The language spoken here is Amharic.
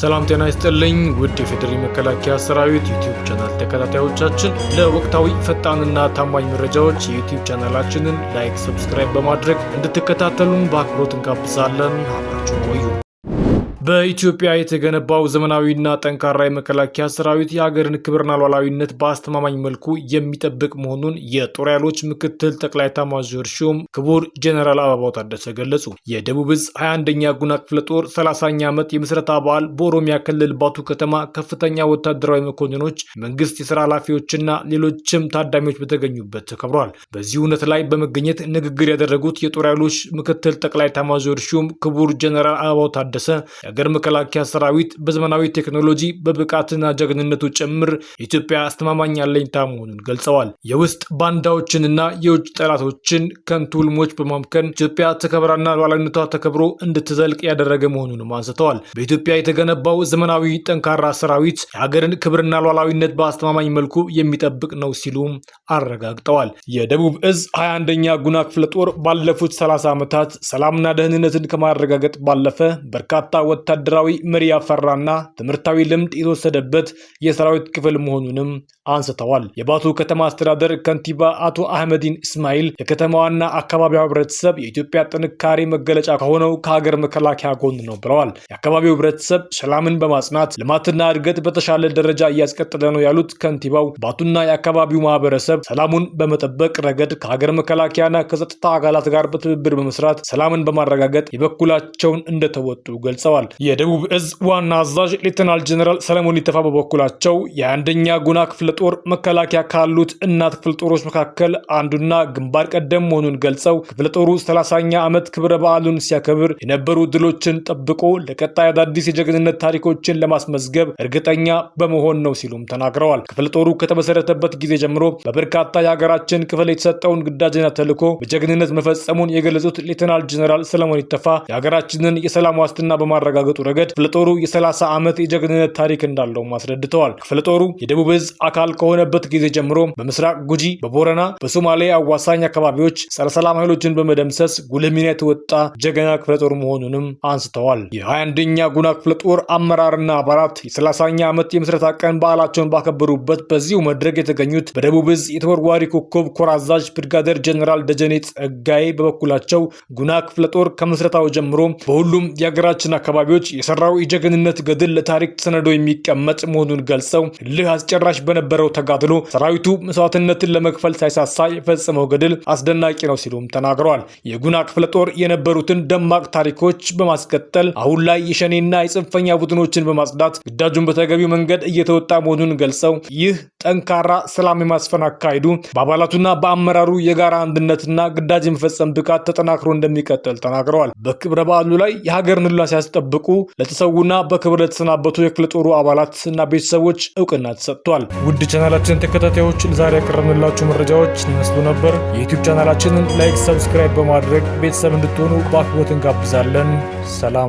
ሰላም ጤና ይስጥልኝ ውድ የፌዴራል መከላከያ ሰራዊት ዩቲዩብ ቻናል ተከታታዮቻችን፣ ለወቅታዊ ፈጣንና ታማኝ መረጃዎች የዩቲዩብ ቻናላችንን ላይክ፣ ሰብስክራይብ በማድረግ እንድትከታተሉን በአክብሮት እንጋብዛለን። አብራችሁ ቆዩ። በኢትዮጵያ የተገነባው ዘመናዊና ጠንካራ የመከላከያ ሰራዊት የሀገርን ክብርና ሉዓላዊነት በአስተማማኝ መልኩ የሚጠብቅ መሆኑን የጦር ኃይሎች ምክትል ጠቅላይ ኤታማዦር ሹም ክቡር ጀኔራል አበባው ታደሰ ገለጹ። የደቡብ ዕዝ 21ኛ ጉና ክፍለ ጦር 30ኛ ዓመት የምስረታ በዓል በኦሮሚያ ክልል ባቱ ከተማ ከፍተኛ ወታደራዊ መኮንኖች፣ መንግስት የስራ ኃላፊዎችና ሌሎችም ታዳሚዎች በተገኙበት ተከብሯል። በዚህ እውነት ላይ በመገኘት ንግግር ያደረጉት የጦር ኃይሎች ምክትል ጠቅላይ ኤታማዦር ሹም ክቡር ጀኔራል አበባው ታደሰ የሀገር መከላከያ ሰራዊት በዘመናዊ ቴክኖሎጂ በብቃትና ጀግንነቱ ጭምር ኢትዮጵያ አስተማማኝ አለኝታ መሆኑን ገልጸዋል። የውስጥ ባንዳዎችንና የውጭ ጠላቶችን ከንቱ ህልሞች በማምከን ኢትዮጵያ ተከብራና ሉዓላዊነቷ ተከብሮ እንድትዘልቅ ያደረገ መሆኑንም አንስተዋል። በኢትዮጵያ የተገነባው ዘመናዊ ጠንካራ ሰራዊት የሀገርን ክብርና ሉዓላዊነት በአስተማማኝ መልኩ የሚጠብቅ ነው ሲሉም አረጋግጠዋል። የደቡብ እዝ 21ኛ ጉና ክፍለ ጦር ባለፉት 30 ዓመታት ሰላምና ደህንነትን ከማረጋገጥ ባለፈ በርካታ ወ ወታደራዊ መሪ ያፈራና ትምህርታዊ ልምድ የተወሰደበት የሰራዊት ክፍል መሆኑንም አንስተዋል። የባቱ ከተማ አስተዳደር ከንቲባ አቶ አህመዲን እስማኤል የከተማዋና አካባቢው ህብረተሰብ የኢትዮጵያ ጥንካሬ መገለጫ ከሆነው ከሀገር መከላከያ ጎን ነው ብለዋል። የአካባቢው ህብረተሰብ ሰላምን በማጽናት ልማትና እድገት በተሻለ ደረጃ እያስቀጠለ ነው ያሉት ከንቲባው ባቱና የአካባቢው ማህበረሰብ ሰላሙን በመጠበቅ ረገድ ከሀገር መከላከያና ከጸጥታ አካላት ጋር በትብብር በመስራት ሰላምን በማረጋገጥ የበኩላቸውን እንደተወጡ ገልጸዋል። የደቡብ እዝ ዋና አዛዥ ሌተናል ጀኔራል ሰለሞን ይተፋ በበኩላቸው የአንደኛ ጉና ክፍለ ጦር መከላከያ ካሉት እናት ክፍለ ጦሮች መካከል አንዱና ግንባር ቀደም መሆኑን ገልጸው ክፍለ ጦሩ ሰላሳኛ ዓመት ክብረ በዓሉን ሲያከብር የነበሩ ድሎችን ጠብቆ ለቀጣይ አዳዲስ የጀግንነት ታሪኮችን ለማስመዝገብ እርግጠኛ በመሆን ነው ሲሉም ተናግረዋል። ክፍለ ጦሩ ከተመሰረተበት ጊዜ ጀምሮ በበርካታ የሀገራችን ክፍል የተሰጠውን ግዳጅና ተልዕኮ በጀግንነት መፈጸሙን የገለጹት ሌተናል ጀኔራል ሰለሞን ይተፋ የሀገራችንን የሰላም ዋስትና በማረጋገጥ በማረጋገጡ ረገድ ክፍለ ጦሩ የ30 ዓመት የጀግንነት ታሪክ እንዳለውም አስረድተዋል። ክፍለ ጦሩ የደቡብ እዝ አካል ከሆነበት ጊዜ ጀምሮ በምስራቅ ጉጂ፣ በቦረና፣ በሶማሌ አዋሳኝ አካባቢዎች ጸረ ሰላም ኃይሎችን በመደምሰስ ጉልህ ሚና የተወጣ ጀግና ክፍለ ጦር መሆኑንም አንስተዋል። የ21ኛ ጉና ክፍለ ጦር አመራርና አባላት የ30ኛ ዓመት የምስረታ ቀን በዓላቸውን ባከበሩበት በዚሁ መድረክ የተገኙት በደቡብ እዝ የተወርዋሪ ኮከብ ኮር አዛዥ ጀኔራል ደጀኔ ጸጋዬ በበኩላቸው ጉና ክፍለ ጦር ከምስረታው ጀምሮ በሁሉም የሀገራችን አካባቢ አካባቢዎች የሰራው የጀግንነት ገድል ለታሪክ ተሰነዶ የሚቀመጥ መሆኑን ገልጸው ልህ አስጨራሽ በነበረው ተጋድሎ ሰራዊቱ መስዋዕትነትን ለመክፈል ሳይሳሳ የፈጸመው ገድል አስደናቂ ነው ሲሉም ተናግረዋል። የጉና ክፍለ ጦር የነበሩትን ደማቅ ታሪኮች በማስቀጠል አሁን ላይ የሸኔና የጽንፈኛ ቡድኖችን በማጽዳት ግዳጁን በተገቢው መንገድ እየተወጣ መሆኑን ገልጸው ይህ ጠንካራ ሰላም የማስፈን አካሄዱ በአባላቱና በአመራሩ የጋራ አንድነትና ግዳጅ የመፈጸም ብቃት ተጠናክሮ እንደሚቀጥል ተናግረዋል። በክብረ በዓሉ ላይ የሀገር ንላ ሲያስጠብቁ ለተጠበቁ ለተሰዉና በክብር ለተሰናበቱ የክፍለ ጦሩ አባላት እና ቤተሰቦች እውቅና ተሰጥቷል። ውድ ቻናላችን ተከታታዮች ለዛሬ ያቀረብንላችሁ መረጃዎች ይመስሉ ነበር። የዩቲዩብ ቻናላችንን ላይክ፣ ሰብስክራይብ በማድረግ ቤተሰብ እንድትሆኑ በአክብሮት እንጋብዛለን። ሰላም